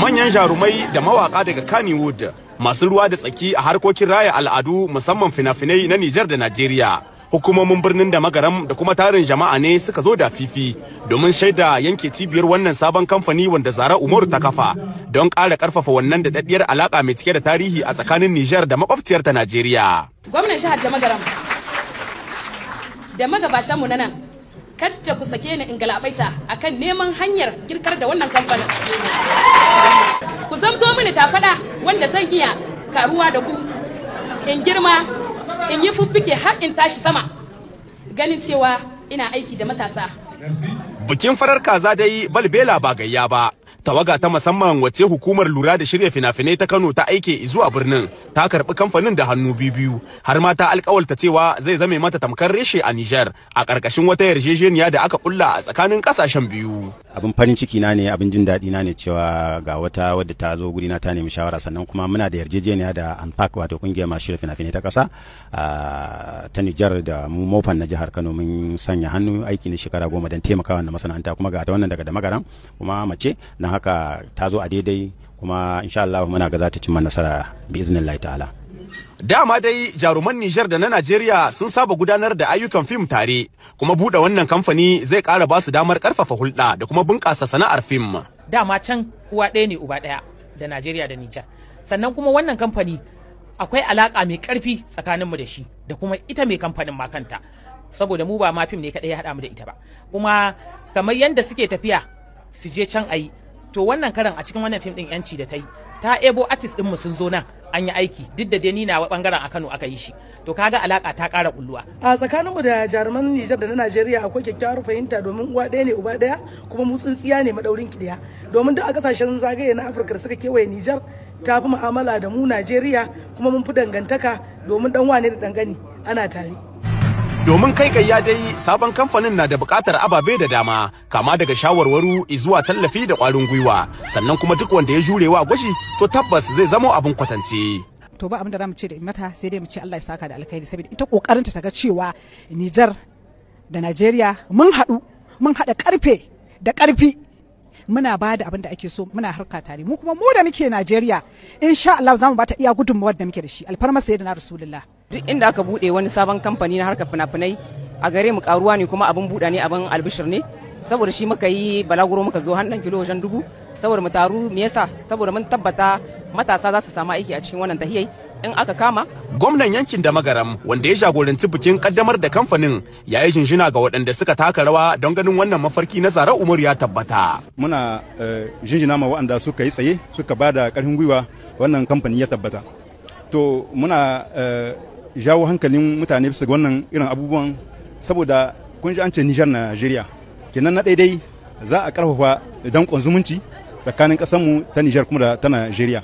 manyan jarumai da mawaka daga Kannywood masu ruwa da tsaki a harkokin raya al'adu musamman fina-finai na Nijar da Najeriya. Hukumomin birnin da magaram da kuma tarin jama'a ne suka zo da fifi domin shaida yanke cibiyar wannan sabon kamfani wanda Zara Umaru ta kafa don ƙara ƙarfafa wannan da daɗiyar alaƙa mai cike da tarihi a tsakanin Nijar da makwabciyar ta Najeriya. Gwamnan jihar da magaram da magabatanmu na nan kadda ku sake ni in galabaita akan neman hanyar girkar da wannan kamfanin ku zamto mini fada wanda zan iya karuwa da ku in girma in yi fuffuke har in tashi sama ganin cewa ina aiki da matasa bikin farar kaza dai balbela ba gayya ba tawaga ta musamman wace hukumar lura da shirya fina-finai ta Kano ta aike zuwa birnin ta karbi kamfanin da hannu biyu har ma ta alkawalta cewa zai zame mata tamkar reshe a Niger a karkashin wata yarjejeniya da aka kulla a tsakanin kasashen biyu abin farin ciki na ne abin jin daɗi na ne cewa ga wata wadda ta zo guri na ta nemi shawara sannan kuma muna da yarjejeniya da anfak wato kungiyar masu shirya fina-finai ta ƙasa ta Niger da mu mofan na jihar Kano mun sanya hannu aiki na shekara goma don taimakawa na masana'anta kuma ga ta wannan daga da magaran kuma mace na don haka ta zo a daidai kuma insha Allah muna ga za ta cimma nasara bi Allah ta'ala dama dai jaruman Nijar da na Najeriya sun saba gudanar da ayyukan fim tare kuma buɗe wannan kamfani zai ƙara ba su damar ƙarfafa hulɗa da kuma bunƙasa sana'ar fim. Dama can uwa ɗaya ne uba ɗaya da Najeriya da Nijar. Sannan kuma wannan kamfani akwai alaƙa mai ƙarfi tsakaninmu da shi da kuma ita mai kamfanin ma kanta. Saboda mu ba ma fim ne kaɗai ya haɗa mu da ita ba. Kuma kamar yadda suke tafiya su je can ayi to wannan karan a cikin wannan fim din yanci da ta yi ta ebo artist din mu sun zo nan an yi aiki duk da dai ni na bangaren a Kano aka yi shi to kaga alaka ta kara kulluwa a tsakanin mu da jaruman Nijar da na Najeriya akwai kyakkyawar fahimta domin uwa ɗaya ne uba ɗaya kuma mu tsintsiya ne madaurin ki ɗaya domin duk a kasashen zagaye na Afirka suka kewaye Nijar ta fi mu'amala da mu Najeriya kuma mun fi dangantaka domin dan wane da dangane ana tare Domin kai gayya dai sabon kamfanin na da bukatar ababe da dama kama daga shawarwaru zuwa tallafi da kwarin gwiwa sannan kuma duk wanda ya jurewa gwaji to tabbas zai zamo abin kwatance. To ba abin da mu ce da mata sai dai mu ce Allah ya saka da alkhairi saboda ita kokarin ta ga cewa Nijar da Nigeria mun haɗu mun haɗa karfe da karfi muna ba da abin da ake so muna harka tare mu kuma mu da muke Najeriya insha Allah za mu ba iya gudunmawar da muke da shi alfarmar sayyidina Rasulullah duk inda aka buɗe wani sabon kamfani na harkar fina-finai a gare mu karuwa ne kuma abin buda ne abin albishir ne saboda shi muka yi balaguro muka zo hannun kilo wajen dubu saboda mu taru me yasa saboda mun tabbata matasa za su samu aiki a cikin wannan tahiyai in aka kama. Gwamnan yankin da magaram wanda ya jagoranci bikin kaddamar da kamfanin ya yi jinjina ga waɗanda suka taka rawa don ganin wannan mafarki na zarar umaru ya tabbata. Muna eh, jinjina ma waɗanda suka yi tsaye suka ba da ƙarfin gwiwa wannan kamfani ya tabbata. To muna eh, jawo hankalin mutane bisa ga wannan irin abubuwan saboda kun ji an ce Nijar Najeriya kenan na daidai za a karfafa danƙon zumunci tsakanin mu ta Nijar kuma da ta Najeriya.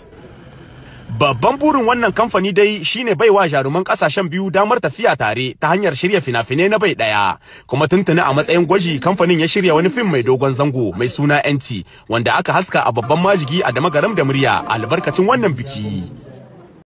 Babban burin wannan kamfani dai shine baiwa jaruman kasashen biyu damar tafiya tare ta hanyar shirya fina-finai na bai daya. Kuma tuntuni a matsayin gwaji kamfanin ya shirya wani fim mai dogon zango mai suna 'yanci wanda aka haska a babban majigi a damagaram da murya albarkacin wannan biki.